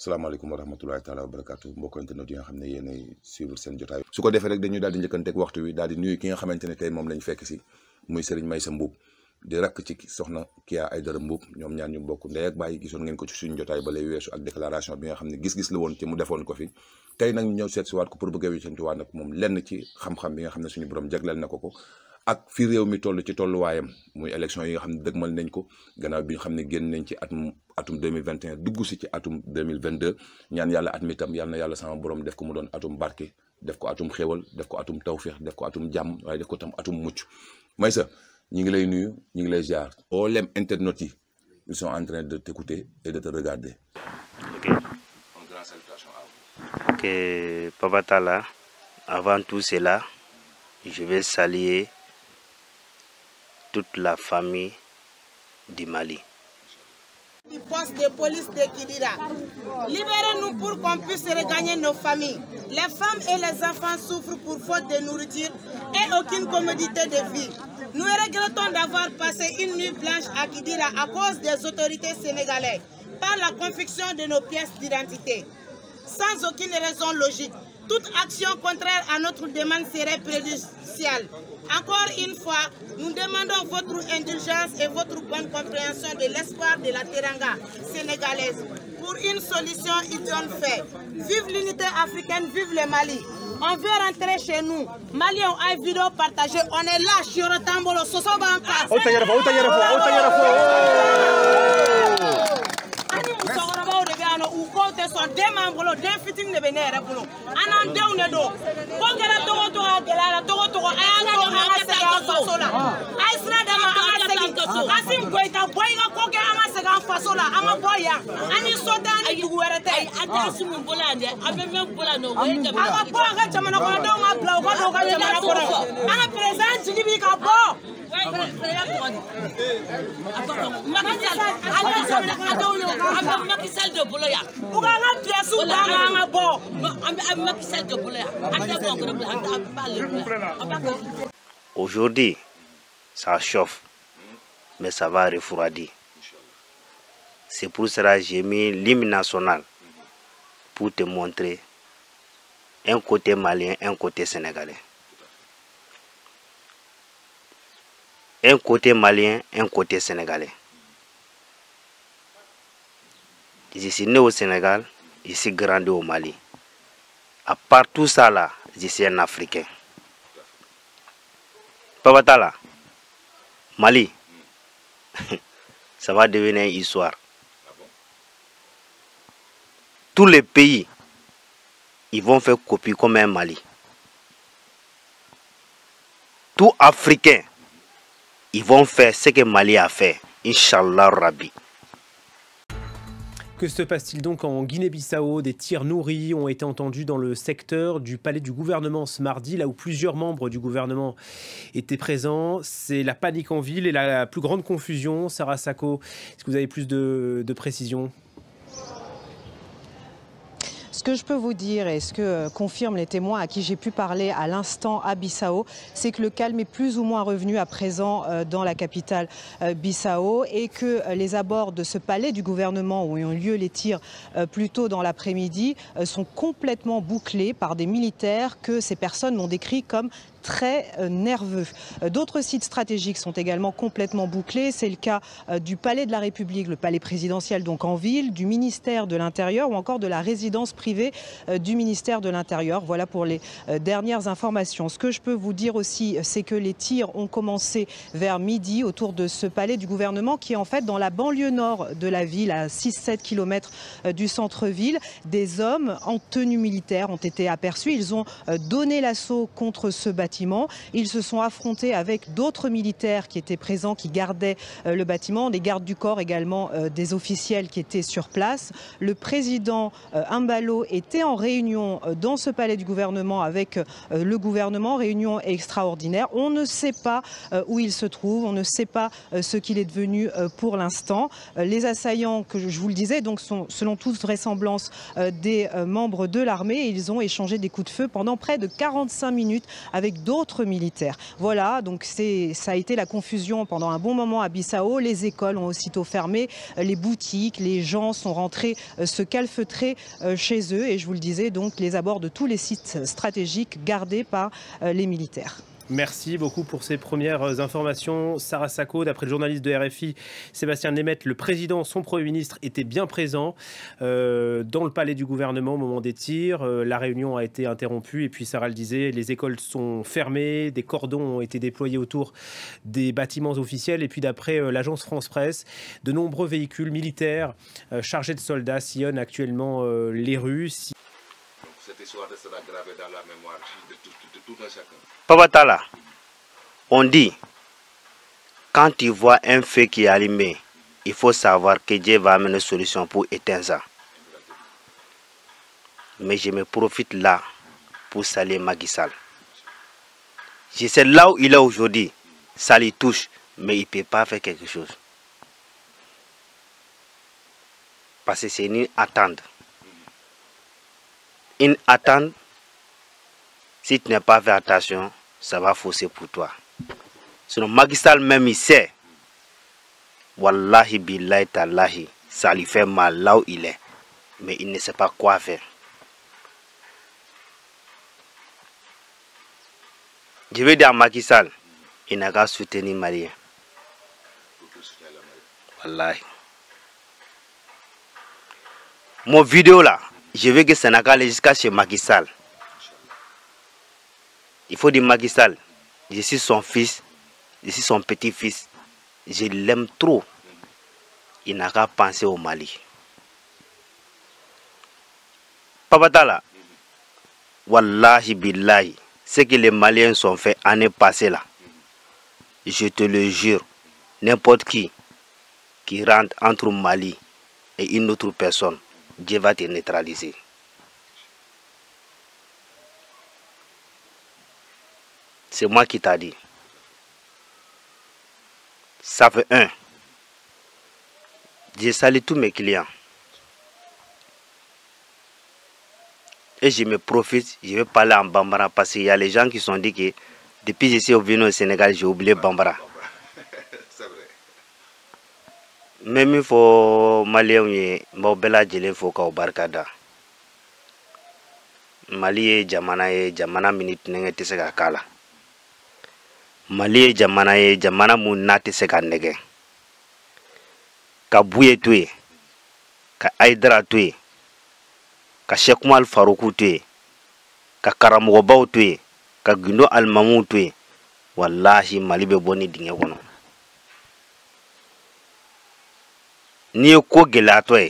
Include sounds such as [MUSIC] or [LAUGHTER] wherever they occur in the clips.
salaamaaleykum wa rahmatulahi taala wa barakatu mbokk internet yi nga xam ne yéenay suivre seen jotaay su ko defee rek dañuy daal di njëkkanteeg waxtu wi daal di nga ne tey moom lañ fekk si muy Serigne Maysa Mbuub di rakk ñu bokk ndey ak gisoon ngeen ko ci suñu jotaay ba lay weesu bi nga xam ne gis-gis la woon ci mu defoon ko fi tey nag ñu ñëw seet si waat ko pour bëgg a wéccanti waat nag moom lenn ci xam-xam bi nga xam ne suñu borom jagleel na ko ko ak fi réew mi toll ci tolluwaayam muy élection yi xam ne dëgmal nañ ko gannaaw bi ñu xam ne génn nañ ci atum atum deux mille vingt et un dugg si ci atum deux mille vingt deux ñaan yàlla at mi tam yàlla sama borom def ko mu doon atum barke def ko atum xéwal def ko atum tawféex def ko atum jàmm waaye def ko tam atum mucc may sax ñi ngi lay nuyu ñi ngi lay ziar mboolem internautes yi ils sont en train de t'écouter et de te regarder. ok. Une grande salutation à vous. toute la famille du Mali. Libérez-nous pour qu'on puisse regagner nos familles. Les femmes et les enfants souffrent pour faute de nourriture et aucune commodité de vie. Nous regrettons d'avoir passé une nuit blanche à Kidira à cause des autorités sénégalaises par la confection de nos pièces d'identité, sans aucune raison logique. toute action contraire à notre demande serait préjudiciale. Encore une fois, nous demandons votre indulgence et votre bonne compréhension de l'espoir de la Teranga sénégalaise pour une solution idoine faite. Vive l'unité africaine, vive le Mali. On veut rentrer chez nous. Mali, on a vidéo partagée. On est là, sur le Tambolo, Sosomba en passe. tɛ sɔn den b'an bolo den fitinin de bɛ ne yɛrɛ bolo an n'an denw de don ko kɛra togo togo a gɛlɛya la togo togo a y'an to an ka segin an faso la a ye sira d'an ma an ka segin Kasim Goyita bɔ i ka ko kɛ an ka segin faso la an ka bɔ yan an ni so t'an ni dugu wɛrɛ tɛ. ayi an t'a bolo yan dɛ an bɛ min bolo yan nɔ o ye jamana. an ka bɔ an ka jamana kɔnɔdenw ka bila u ka don ka jamana kɔnɔ an ka perezan jigi bi ka makisal de bolo yan. u ka an ka pilasiw ta an ka an ka bɔ. an bɛ makisal de bolo yan an tɛ bɔn kɔnɔ bilen an b'ale bolo yan. Aujourd'hui, ça chauffe, mais ça va refroidir. C'est pour cela que mi mis l'hymne national pour te montrer un côté malien, un côté sénégalais. Un côté malien, un côté sénégalais. Je né au Sénégal, je suis au Mali. À part tout ça là, un Africain. Papa Mali, [LAUGHS] ça devenir histoire. tous les pays, ils vont faire copie comme un Mali. Tout Africain, ils vont faire ce que Mali a fait. Inch'Allah Rabbi. Que se passe-t-il donc en Guinée-Bissau Des tirs nourris ont été entendus dans le secteur du palais du gouvernement ce mardi, là où plusieurs membres du gouvernement étaient présents. C'est la panique en ville et la plus grande confusion. Sarah Sacco, est-ce que vous avez plus de, de précisions Ce que je peux vous dire et ce que euh, confirment les témoins à qui j'ai pu parler à l'instant à Bissau, c'est que le calme est plus ou moins revenu à présent euh, dans la capitale euh, Bissau et que les abords de ce palais du gouvernement où ont lieu les tirs plus tôt dans l'après-midi sont complètement bouclés par des militaires que ces personnes m'ont décrit comme très euh, nerveux. Euh, d'autres sites stratégiques sont également complètement bouclés. C'est le cas euh, du le palais présidentiel donc en ville, du ministère la résidence privée du ministère de l'Intérieur. Voilà pour les dernières informations. Ce que je peux vous dire aussi, de ce palais la banlieue nord de la ville, à 6-7 km du centre Des hommes en tenue militaire bâtiment. Ils se sont affrontés avec d'autres militaires qui étaient présents, euh, euh, des officiels qui étaient sur place. Le président Imbalo euh, était en réunion dans ce palais du avec le gouvernement, réunion extraordinaire. On ne sait pas on est devenu pour l'instant. Les assaillants, que je vous le disais, donc sont selon toute vraisemblance des membres de l'armée. Ils ont échangé d'autres militaires. Voilà, donc ça a été la confusion pendant un bon moment à Bissau. Les écoles ont aussitôt fermé, les boutiques, les gens sont rentrés euh, se calfeutrer euh, chez eux. Et je vous le disais, donc les abords de tous les sites stratégiques gardés par euh, les militaires. Merci beaucoup pour ces premières euh, informations. Sarah Sacco, d'après le journaliste de RFI, Sébastien Lemaitre, le président, son Premier ministre était bien présent euh, dans le palais du gouvernement au moment des tirs. Euh, la réunion a été interrompue et puis Sarah le disait, les écoles sont fermées, des cordons ont été déployés autour des bâtiments officiels et puis d'après euh, l'agence France-Presse, de nombreux véhicules militaires chargés de soldats sillonnent actuellement cette histoire restera gravée on dit, quand tu vois un feu qui est il faut savoir que Dieu va amener solution pour éteindre ça. Mais je me profite là pour saluer Macky Je sais là il est aujourd'hui, ça touche, mais il peut pas faire quelque chose. Parce que c'est une attente. une attente, si tu n'as pas fait attention, ça va fausser toi. Sinon, Magisal même, il sait. Wallahi billahi talahi, ça lui fait mal Mais il ne sait pas quoi faire. Je vais dire à Macky Sall, il n'a qu'à soutenir Marie. Wallahi. Mon vidéo là, je veux que Sénégal aille jusqu'à chez Macky Sall. Il faut dire Macky Sall, je suis son fils, je suis son petit-fils. Je l'aime trop. Il n'a qu'à penser au Mali. Papatala, wallahi billahi, ce que les Maliens sont fait année passée là, je te le jure, n'importe qui qui rentre entre Mali et une autre personne, Dieu va te neutraliser. C'est moi qui t'a dit. Ça fait un. J'ai salé tous mes clients. Et je me profite, je vais parler en Bambara depuis que je suis venu au n bɛ min fɔ maliyɛnw ye n b'aw bɛɛ lajɛlen fo k'aw barikada mali ye jamana ye jamana min tinɛgɛ tɛ se ka k'a la mali ye jamana ye jamana mun n'a tɛ se ka nɛgɛ ka buye to yen ka ayidara to yen ka sɛkumali faruku to yen ka karamɔgɔbaw to yen ka gindo alimamuw to yen walahi mali bɛ bɔ ni dingɛ kɔnɔ n'i ye ko gɛlɛyatɔ ye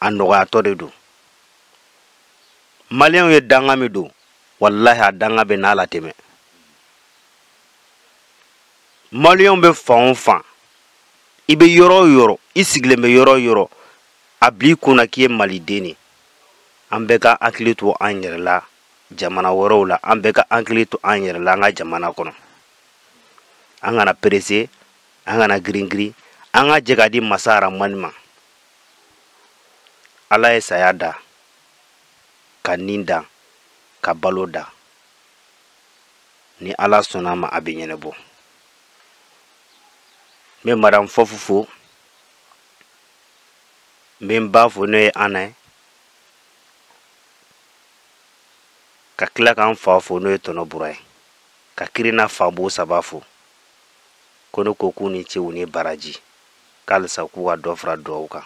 a nɔgɔyatɔ de don maliyɛnw ye danga min don walahi a danga bɛ n'a latɛmɛ maliyɛnw bɛ fan o fan i bɛ yɔrɔ o yɔrɔ i sigilen bɛ yɔrɔ o yɔrɔ a bil'i kunna k'i ye maliden an bɛɛ ka hakili to an yɛrɛ jamana wɛrɛw la an bɛɛ ka hakili to an yɛrɛ an ka jamana kɔnɔ an kana perese an kana giringirin an ka jɛ ka di masa aramani ma ala ye saya da ka nin da ka balo da ni ala sɔnna ma a bɛ ɲɛnɛbɔ n madam fɔfu fo n n ba fo n'o ye ana ye ka tila ka n fa fo n'o ye tɔnɔbura ye ka kirina fanbo saba fo ko ne ko k'u ni ce ni baraji k'alisa k'u ka dɔ fara duwawu kan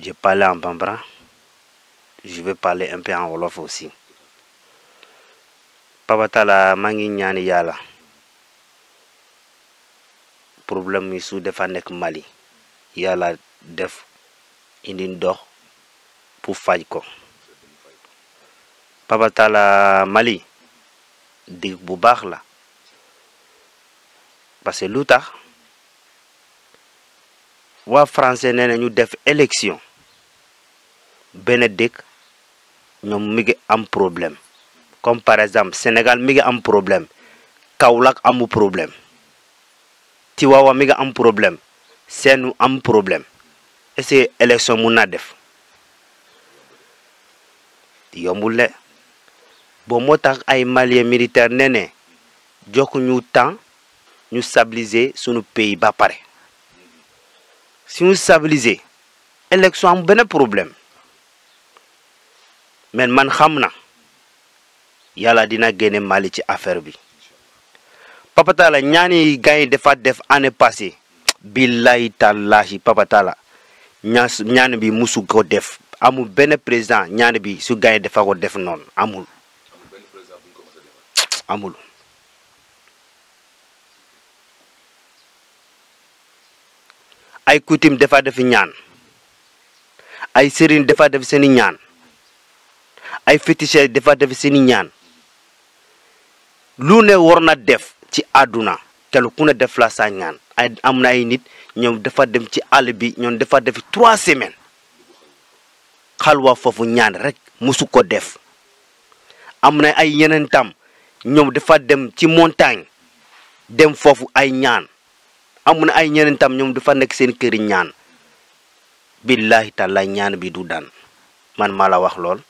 je parle en bambara je vais un peu en wolof aussi papa t'a la ngi ñaani yàlla problème yi su dafa nekk Mali yàlla def indi ndox pour faj ko papa t'a Mali dëkk bu baax la parce que lu tax waa français nee na def élection benn dëkk ñoom mi ngi am problème comme par exemple Sénégal mi ngi am problème Kaolack amu problème Tivaouane mi ngi am problème seenu am problème est-ce que élection mun naa def yombul ne moo tax ay maliens militaires nee ne jokkuñu temps ñu stabiliser sunu pays ba pare si ñu stabiliser élection am benn problème mais man xam na yàlla dina génne Mali ci affaire bi Papa Talla ñaani gars yi dafa def année passée billahi tallahi Papa Talla ñaas ñaan bi musu ko def amul benn président ñaan bi su gars yi dafa ko def noonu amul amul ay coutume dafa def ñaan ay sëriñ dafa def seeni ñaan ay féticheur dafa def seeni ñaan lu ne war na def ci àdduna kenn ku ne def la sa ñaan am na ay nit ñoom dafa dem ci àll bi ñoom dafa def trois semaines xalwa foofu ñaan rekk musu ko def am na ay yeneen tam ñoom dafa dem ci montagne dem foofu ay ñaan am na ay ñeneen tam ñoom dafa nekk seen këri ñaan billahi taala ñaan bi du daan man maa la wax lool.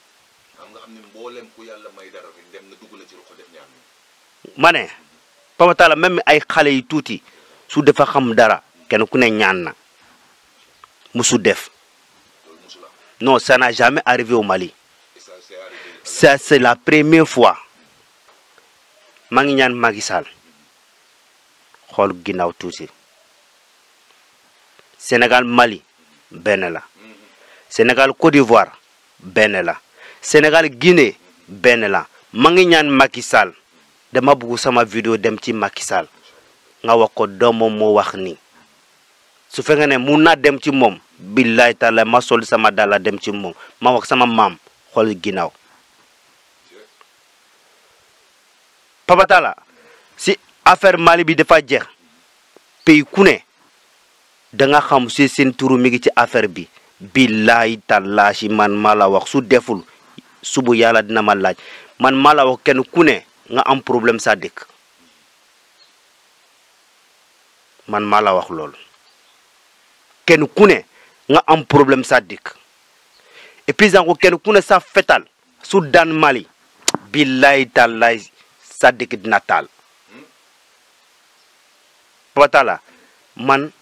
ma ne Papa Talla même ay xale yu tuuti su dafa xam dara kenn ku ne ñaan na musu def non ça n'a jamais arrivé au Mali ça c'est la première fois maa ngi ñaan Macky Sall xool ginnaaw tuuti. Sénégal Mali benn la Sénégal Côte voir benn la Sénégal Guinée benn la ma ngi ñaan Macky Sall dama bëgg sama vidéo dem ci Macky Sall nga wax ko doomam moo wax ni su fekkee ne mun naa dem ci moom billaay taala ma sol sama dala dem ci moom ma wax sama maam xool ginnaaw Papa Talla si affaire Mali bi dafa jeex pays ku ne da nga xam si seen turu mi ngi ci affaire bi billaay tallaashi man maa la wax su deful subu yàlla dina ma laaj man maa la wax kenn ku ne nga am problème sa dëkk man maa la wax loolu kenn ku ne nga am problème sa dik et puis encore kenn ku ne sa fetal su daan Mali billaay tallaay sa dëkk dina taal. Papa man.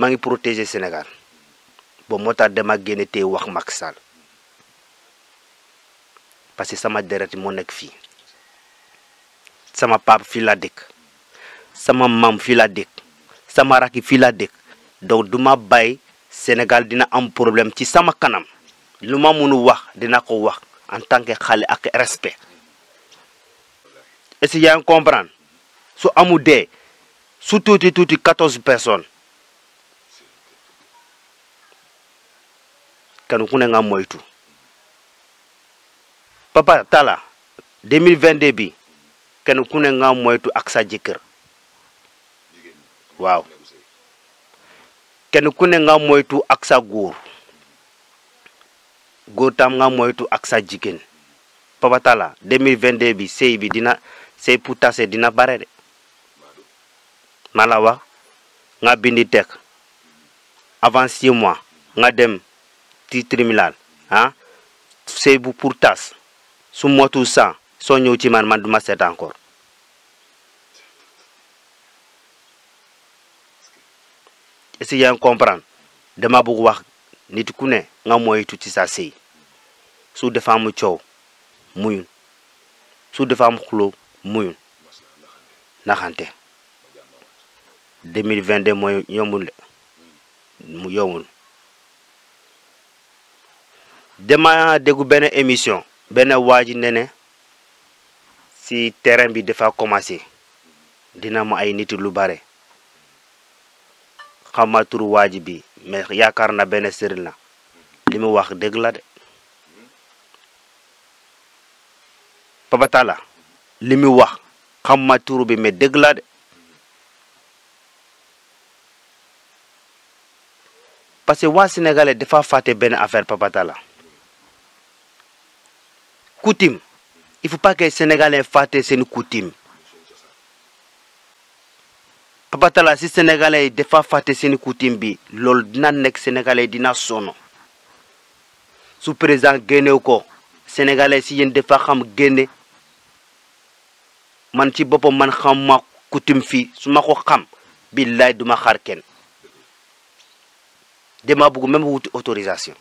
maa ngi protéger Sénégal boobu moo tax dama génne tey wax Macky Sall parce que sama deret moo nekk fii sama pap fii laa dëkk sama maam fii laa dëkk sama rakk fii laa dëkk donc du ma bàyyi Sénégal dina am problème ci sama kanam lu ma mënu wax dina ko wax en tant que xale ak respect est-ce que su amu dee su tuuti tuuti quatorze personnes kanukune nga moytu papa tala 2022 bi kenn kanukune nga moytu ak sa jëkkër waaw kenn ku ne nga moytu ak sa góor góor tam nga moytu ak sa jigéen papa tala 2022 bi sëy bi dina sëy pour tase dina bare de ma la wax nga bindi teg avant six mois nga dem ci tribunal ah sëy bu pour tas su motul sang soo ñëw ci man man du ma seet encore est-ce que yaa ngi comprendre dama bëgg wax nit ku ne nga moytu ci sa sëy su dafa am coow muyul su dafa am xuloo muyul naxante 2022 mooy yombul mu yombul dama déggu benn émission benn waa ji ne ne si terrain bi dafa commencé dina ma ay nit lu bare xama turu bi mais yaakaar na benn sëriñ la li mu wax dëgg la de Papa li mu wax xama turu bi mais dëgg la de parce que waa sénégalais dafa fàtte benn affaire Papa coutume il faut pas que sénégalais fàtte seen coutume Papa Talla si sénégalais yi dafa fàtte seen bi loolu dina nekk sénégalais dina sonn su président génnew ko sénégalais si yéen dafa xam génne man ci boppam man xam ma coutume fii su ma xam billaay duma xaar kenn dama bëgg même wuti autorisation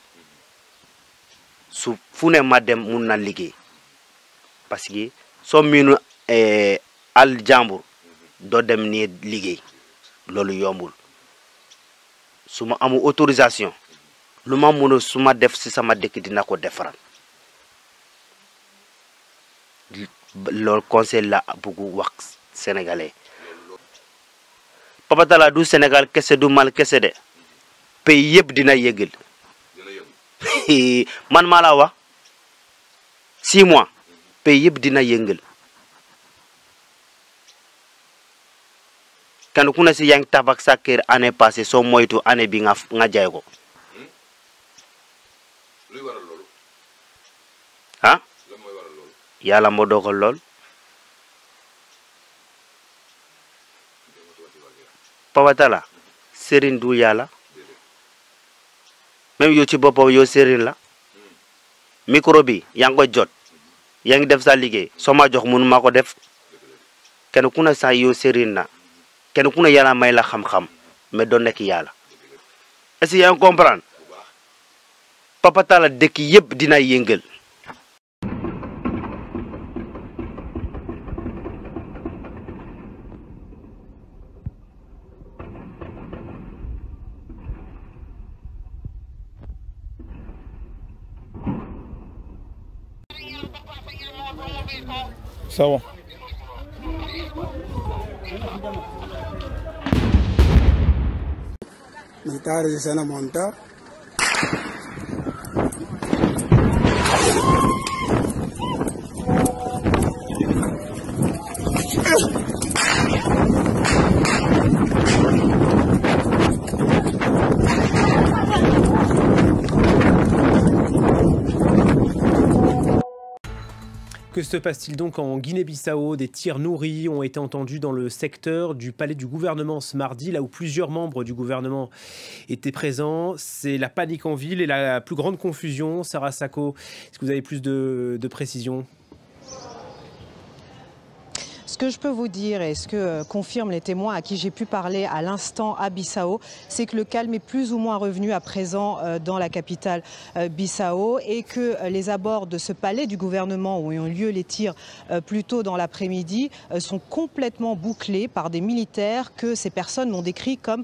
su fu ne ma dem mun na liggéey parce que soo miinu al eh, jàmbur doo dem nii liggéey loolu yombul su ma amu autorisation lu ma mun su ma def si sama dëkk dina ko defaral loolu conseil la bugg wax sénégalais Papa Talla du Sénégal kese du Mali kese de pays yëpp dina yëgal man maa laa wax six mois pays dina yëngal kenn ku ne si yaa tabak tabax sa kër année passée soo moytu année bi nga nga jaay ko hmm? ah yàlla moo dogal lool pawatala sëriñ yàlla même yow ci boppam yow la micro bi yaa jot yaa ngi def sa liggéey soo ma jox mënu ma ko def kenn ku ne saa yow na kenn ku ne yàlla may la xam-xam mais doo nekk yàlla est-ce que yaa dëkk yëpp dina yëngal C'est bon. Mi tarde se enamoró. Que se passe-t-il donc en Guinée-Bissau Des tirs nourris ont été entendus dans le secteur du palais du gouvernement ce mardi, là où plusieurs membres du gouvernement étaient présents. C'est la panique en ville et la plus grande confusion. Sarah Sacco, est-ce que vous avez plus de, de précisions que je peux vous dire et ce que euh, confirment les témoins à qui j'ai pu parler à l'instant à Bissau, c'est que le calme est plus ou moins revenu à présent euh, dans la capitale euh, Bissau et que les abords de ce palais du gouvernement où ont lieu les tirs plus dans l'après-midi sont complètement bouclés par des militaires que ces personnes m'ont décrit comme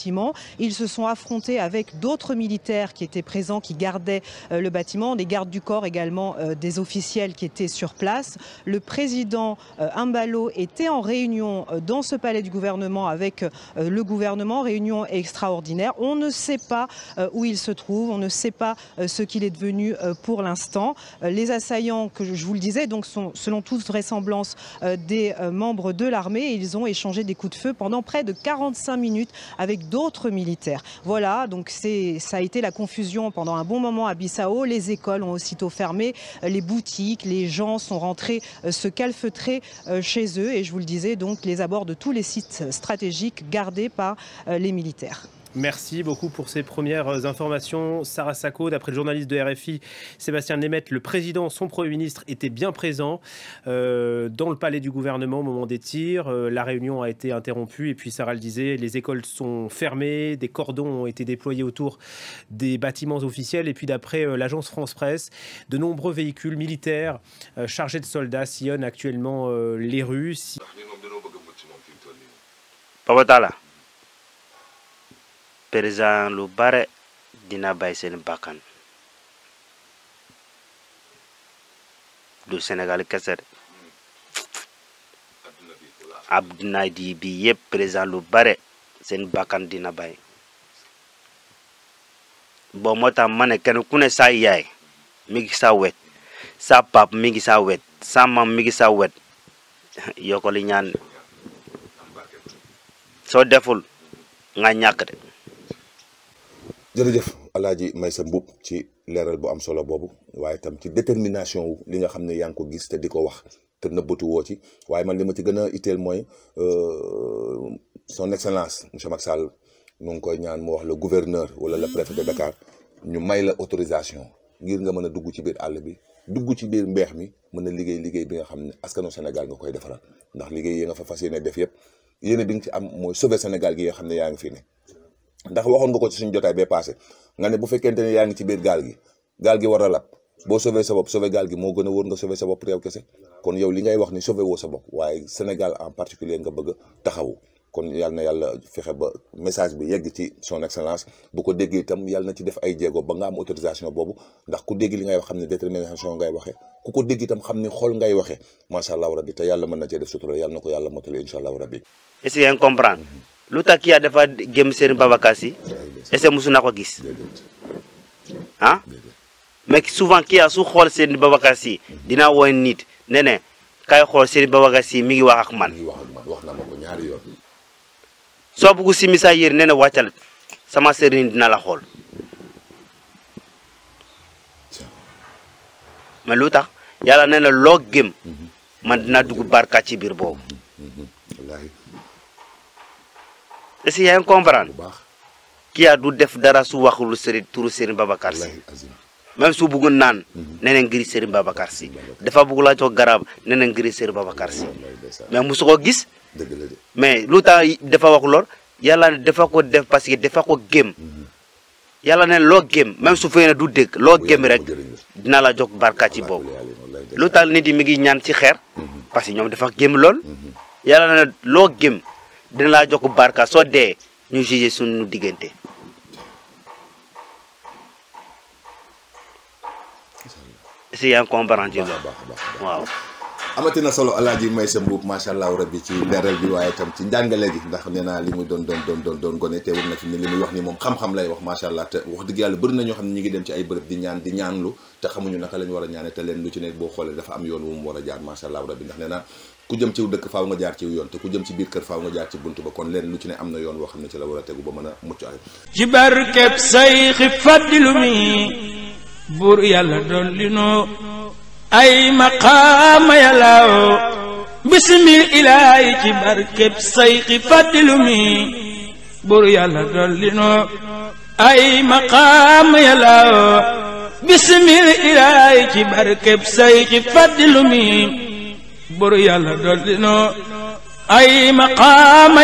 bâtiment. Ils se sont affrontés avec d'autres militaires qui étaient euh, des gardes du corps également, euh, des officiels qui étaient sur place. Le président Imbalo euh, était avec le gouvernement, réunion extraordinaire. On ne on ne sait pas ce qu'il est devenu pour l'instant. Les assaillants, que je vous le disais, donc sont selon d'autres militaires. Voilà, donc ça a été la confusion pendant un bon moment à Bissau. Les écoles ont aussitôt fermé, les boutiques, les gens sont rentrés euh, se calfeutrer euh, chez eux. Et je vous le disais, donc les abords de tous les sites stratégiques gardés par euh, les militaires. Merci beaucoup pour ces premières informations. Sarah Sacco, d'après le journaliste de RFI, Sébastien Nemeth, le président, son Premier ministre, était bien présent euh, dans le palais du gouvernement au moment des tirs. Euh, la réunion a été interrompue et puis Sarah le disait, les écoles sont fermées, des cordons ont été déployés autour des bâtiments officiels et puis d'après euh, l'agence France-Presse, de nombreux véhicules militaires euh, chargés de soldats sillonnent actuellement euh, président lu bare dina bay seen bakkan lu Sénégal kese adduna di bi yëpp président lu bare seen bakkan dina bay bon moo tax ma ku ne sa yaay mi ngi sa wet sa pap mi sa wet sa mam mi ngi sa wet [LAUGHS] yokkoli ñaan soo deful nga ñàkk de jërëjëf alaaji sa Mboup ci leeral bu am solo boobu waaye tam ci détermination wu li nga xam ne yaa ngi ko gis te di ko wax te nëbbatu woo ci waaye man li ma ci gën a itteel mooy euh, son excellence monsieur Macky Sall nu ngi koy ñaan mu wax le gouverneur wala le préfet de Dakar ñu may la autorisation ngir nga mën a dugg ci biir àll bi dugg ci biir mbeex mi mën a liggéey liggéey bi nga xam ne askanu Sénégal nga koy ndax liggéey yi nga fa fas yéene def yëpp yéene bi nga ci am mooy sauver Sénégal gi nga xam ne yaa ngi fii ne ndax waxoon nga ko ci suñu jotaay bee passé nga ne bu fekkente ne yaa ngi ci biir gaal gi gaal gi war a lab boo sauvé sa bopp sauvé gaal gi moo gën a wóor nga sauvé sa bopp ke kese yow li ngay wax ni sauvé woo sa bopp waaye Sénégal en particulier nga bëgg a kon yàlla na yàlla fexe ba message bi yegg ci son excellence bu ko déggee itam yàlla na ci def ay jéego ba nga am autorisation boobu ndax ku dégg li ngay wax ne détermination ngay waxee ku ko dégg itam xam ni xool ngay waxe macha allah rabi te yàlla mën na cee def sutura yàlla ko yàlla motale incha allah rabi. est-ce que yaa ngi lu tax Kya dafa gëm Serigne Babacar Sy est musu na ko gis ah mais souvent Kya su xool Serigne Babacar Sy dinaa woon nit ne ne kay xool Serigne Babacar Sy mi ngi wax ak man. wax na ma ko ñaari yoon. soo bëgg si misa yér ne ne wàccal sama serin dina la xool mais lu tax yàlla ne na loo gëm mhm. man dina dugg barka ci biir boobu. Mhm. Mhm. est-ce que yaa ngi comprendre du def dara su waxul Serigne turu Serigne Babacar Sy même su bëggoon naan mhm. nee na ngir Serigne Babacar Sy dafa bëgg laa jox garab nee na ngir Serigne Babacar Sy mais mosu ko gis mais lu tax dafa wax lool yàlla defa ko def parce que dafa ko gém mhm. yalla ne loo gém même su fekkee du dégg loo gém rek dina la jox barka ci boobu lu tax ni di mi ngi ñaan ci xeer mhm. parce que ñoom dafa gém lool yàlla ne loo gém dina laa jox barka soo dee ñu jugé suñu diggante. si yaa ngi comprendre ci loolu waaw. amati na solo alaaji may sa mbuub macha allah rabbi ci leeral bi waaye tam ci njàngale gi ndax nee naa li mu doon doon doon doon doon gone teewul na fi ne li muy wax ni moom xam-xam lay wax macha allah te wax dëgg yàlla bëri na ñoo xam ne ñu ngi dem ci ay bërëb di ñaan di ñaanlu te xamuñu naka lañ war a ñaane te leen lu ci nekk boo xoolee dafa am yoon wu mu war a jaar macha allah rabbi ndax nee naa ku jëm ciw dëkk faaw nga jaar ciw yoon jëm ci biir kër faaw nga jaar ci buntu ba a a mucc ay ci barkeb say xi fàddilu mi buur yàlla dolli noo ay maqaama yàllaaw bisimil ilaahi ci barkeb say xi fàddilu buru yàlla dolli noo ay maqaama